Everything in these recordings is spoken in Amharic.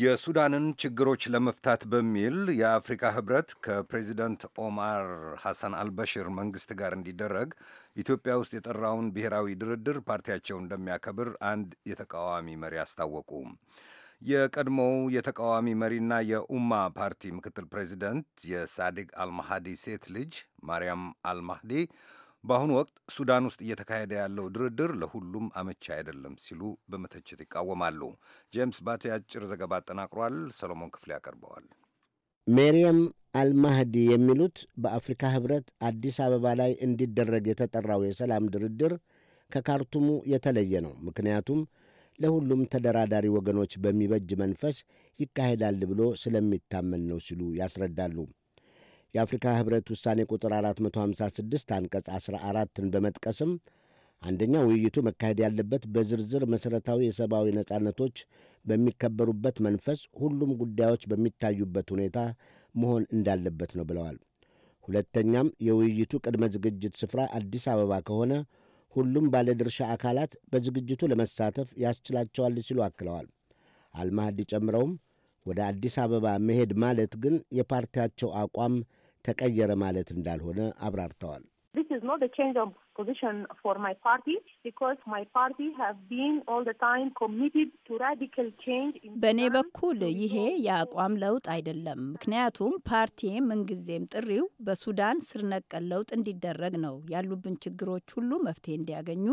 የሱዳንን ችግሮች ለመፍታት በሚል የአፍሪካ ህብረት ከፕሬዚደንት ኦማር ሐሰን አልበሽር መንግስት ጋር እንዲደረግ ኢትዮጵያ ውስጥ የጠራውን ብሔራዊ ድርድር ፓርቲያቸው እንደሚያከብር አንድ የተቃዋሚ መሪ አስታወቁ። የቀድሞው የተቃዋሚ መሪና የኡማ ፓርቲ ምክትል ፕሬዚደንት የሳዲቅ አልማሃዲ ሴት ልጅ ማርያም አልማህዲ በአሁኑ ወቅት ሱዳን ውስጥ እየተካሄደ ያለው ድርድር ለሁሉም አመቻ አይደለም ሲሉ በመተቸት ይቃወማሉ። ጄምስ ባቲ አጭር ዘገባ አጠናቅሯል። ሰሎሞን ክፍሌ ያቀርበዋል። ሜርየም አልማህዲ የሚሉት በአፍሪካ ህብረት አዲስ አበባ ላይ እንዲደረግ የተጠራው የሰላም ድርድር ከካርቱሙ የተለየ ነው። ምክንያቱም ለሁሉም ተደራዳሪ ወገኖች በሚበጅ መንፈስ ይካሄዳል ብሎ ስለሚታመን ነው ሲሉ ያስረዳሉ። የአፍሪካ ህብረት ውሳኔ ቁጥር 456 አንቀጽ 14ን በመጥቀስም አንደኛ ውይይቱ መካሄድ ያለበት በዝርዝር መሠረታዊ የሰብአዊ ነጻነቶች በሚከበሩበት መንፈስ ሁሉም ጉዳዮች በሚታዩበት ሁኔታ መሆን እንዳለበት ነው ብለዋል። ሁለተኛም የውይይቱ ቅድመ ዝግጅት ስፍራ አዲስ አበባ ከሆነ ሁሉም ባለድርሻ አካላት በዝግጅቱ ለመሳተፍ ያስችላቸዋል ሲሉ አክለዋል። አልማህዲ ጨምረውም ወደ አዲስ አበባ መሄድ ማለት ግን የፓርቲያቸው አቋም ተቀየረ ማለት እንዳልሆነ አብራርተዋል። በእኔ በኩል ይሄ የአቋም ለውጥ አይደለም። ምክንያቱም ፓርቲ ምንጊዜም ጥሪው በሱዳን ስር ነቀል ለውጥ እንዲደረግ ነው። ያሉብን ችግሮች ሁሉ መፍትሄ እንዲያገኙ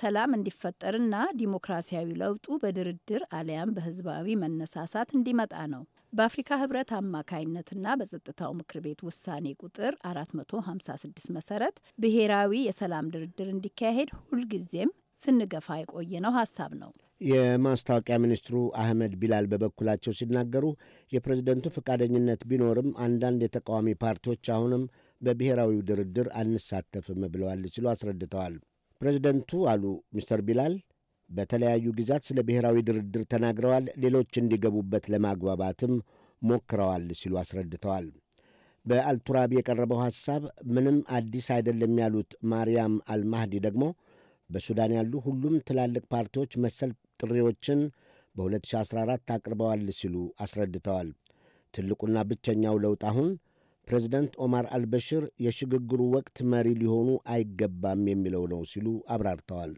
ሰላም እንዲፈጠርና ዲሞክራሲያዊ ለውጡ በድርድር አሊያም በህዝባዊ መነሳሳት እንዲመጣ ነው። በአፍሪካ ህብረት አማካይነትና በጸጥታው ምክር ቤት ውሳኔ ቁጥር 456 መሰረት ብሔራዊ የሰላም ድርድር እንዲካሄድ ሁልጊዜም ስንገፋ የቆየነው ሀሳብ ነው። የማስታወቂያ ሚኒስትሩ አህመድ ቢላል በበኩላቸው ሲናገሩ የፕሬዝደንቱ ፈቃደኝነት ቢኖርም አንዳንድ የተቃዋሚ ፓርቲዎች አሁንም በብሔራዊው ድርድር አንሳተፍም ብለዋል ሲሉ አስረድተዋል። ፕሬዚደንቱ አሉ ሚስተር ቢላል በተለያዩ ጊዜያት ስለ ብሔራዊ ድርድር ተናግረዋል። ሌሎች እንዲገቡበት ለማግባባትም ሞክረዋል ሲሉ አስረድተዋል። በአልቱራቢ የቀረበው ሐሳብ ምንም አዲስ አይደለም ያሉት ማርያም አልማህዲ ደግሞ በሱዳን ያሉ ሁሉም ትላልቅ ፓርቲዎች መሰል ጥሪዎችን በ2014 አቅርበዋል ሲሉ አስረድተዋል። ትልቁና ብቸኛው ለውጥ አሁን ፕሬዚደንት ኦማር አልበሽር የሽግግሩ ወቅት መሪ ሊሆኑ አይገባም የሚለው ነው ሲሉ አብራርተዋል።